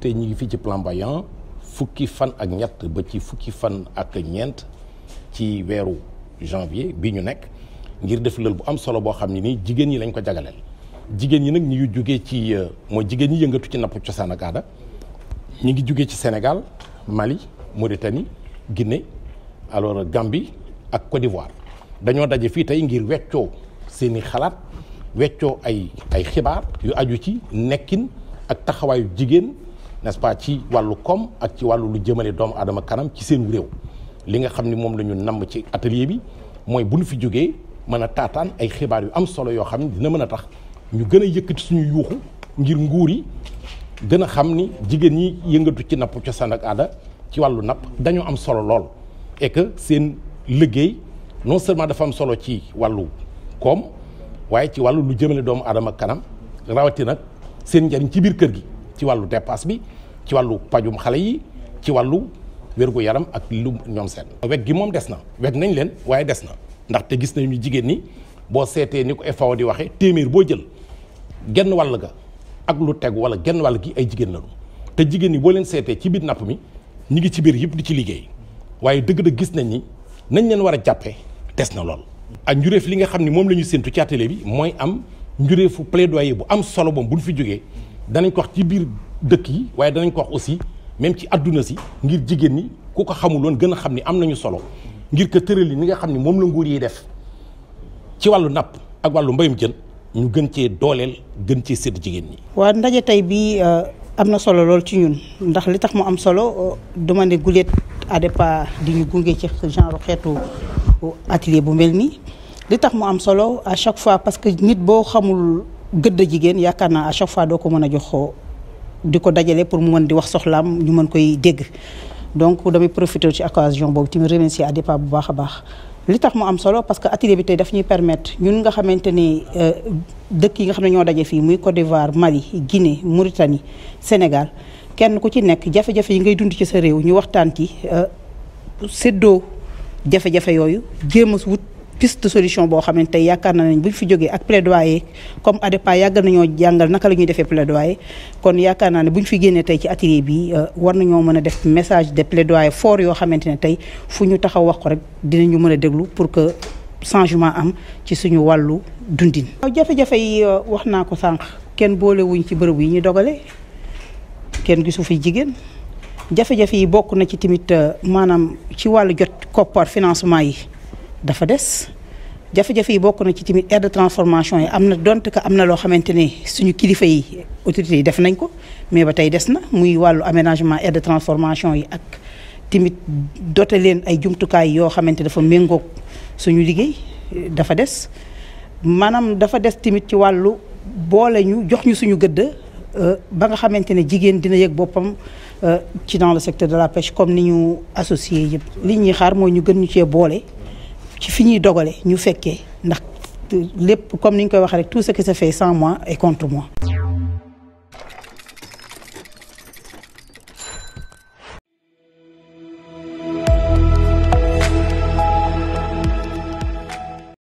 tey ñi ngi fi ci Flamboyant fukki fan ak ñatt ba ci fukki fan ak ñent ci wéru janvier bi ñu nekk ngir def leul bu am solo bo xamni ni jigen jigéen ñi lañ ko jagalel jigen ñi nak ñi yu joggé ci euh, mooy jigen ñi yëngatu ci napp cosaan ak aada ngi joggé ci Sénégal Mali Mauritanie Guinée alors Gambie ak Côte d'Ivoire dañoo daje fii tey ngir weccoo seeni xalaat weccoo ay ay xibaar yu aju ci nekkin ak taxawaayu jigéen. n'est-ce ci wàllu koom ak ci wàllu lu jëmale doomu aadama kanam ci seen réew li nga xam ni moom la ñu namm ci atelier bi mooy bu ñu fi jógee mën a taataan ay xibaar yu am solo yoo xam ne dina mën a tax ñu gën a yëkkati suñu yuuxu ngir nguur yi gën a xam ni jigéen ñi yëngatu ci napp cosaan ak aada ci wàllu napp dañoo am solo lool et que seen liggéey non seulement dafa am solo ci wàllu koom waaye ci wàllu lu jëmale doomu adama kanam rawati nag seen njariñ ci biir kër gi ci wàllu dépasse bi ci wàllu pajum xale yi ci wàllu wérgu yaram ak lu ñoom seen weg gi moom des na weg nañ leen waaye des na ndaxte gis nañu jigéen ñi boo seetee ni ko FAO di waxee téeméer boo jël genn wàll ga ak lu tegu wala genn wàll gi ay jigéen lañu te jigéen ñi boo leen seetee ci biir napp mi ñu ngi ci biir yëpp di ci liggéey waaye dëgg-dëgg gis nañ ni nañ leen war a jàppee des na lool. ak njuréef li nga xam ne moom la ñu séntu ci bi mooy am njuréefu plaidoyer bu am solo moom bu fi jógee danañ ko wax ci biir dëkk yi waaye danañ ko wax aussi même ci àdduna si ngir jigéen ñi ku ko xamul woon gën a xam ni am nañu solo ngir ko tëral yi ni nga xam ni moom la nguur yi def ci wàllu napp ak wàllu mbayum jën ñu gën cee dooleel gën cee sédd jigéen ñi. waa ndaje tey bii euh, am na solo lool ci ñun ndax li tax mu am solo euh, dama ne guléet ADEPA di ñu gunge ci genre xeetu atelier bu mel nii li tax mu am solo à chaque fois parce que nit boo xamul. gëdd jigéen yaakaar naa à chaque fois doo ko mën a jox di ko dajale pour mu mën di wax soxlaam ñu mën koy dégg donc damay profité ci occasion boobu tamit remercier ADEPA bu baax a baax. li tax mu am solo parce que atelier bi tey daf ñuy permettre ñun nga xamante ni euh, dëkk yi nga xam ne ñoo daje fii muy Côte d'Ivoire Mali Guinée Mauritanie Sénégal kenn ku ci nekk jafe-jafe yi ngay dund ci sa réew ñu waxtaan ki euh, séddoo jafe-jafe yooyu jéem a wut. piste de solution boo xamante tey yaakaar na nañ buñ fi jógee ak plaidoyer comme ADEPA e yàgg nañoo jàngal naka plaidoyer kon yaakaar naa ne buñ fi génnee tey ci atelier bi euh, war nañoo mën def message de plaidoyer fort yoo xamante ne tey fu ñu taxaw wax ko rek dinañu mën déglu pour que changement am ci suñu walu dundin. waaw jafe yi euh, wax naa ko sànq ci ñu dogale ken gisu fi jigéen jafe-jafe yi bokk na ci tamit euh, manam, ci wàllu jot koppar financement yi. dafa des jafe-jafe yi bokk na ci tamit aire de transformation yi am na dont que am na loo xamante ne suñu kilifa yi autorités yi def nañ ko mais ba tey des na muy wàllu aménagement aire de transformation yi ak tamit dote leen ay jumtukaay yoo xamante dafa méngoog suñu liggéey dafa des maanaam dafa des tamit ci wàllu boole ñu jox ñu suñu gëdd euh, ba nga xamante ne jigéen dina yëg boppam euh, ci dans le secteur de la pêche comme ni ñu associé yëpp li ñuy xaar mooy ñu gën ñu boole. ci fi ñuy dogale ñu fekkee ndax lépp comme ni ñu koy waxee rek tout ce qui se fait sans moi est contre moi.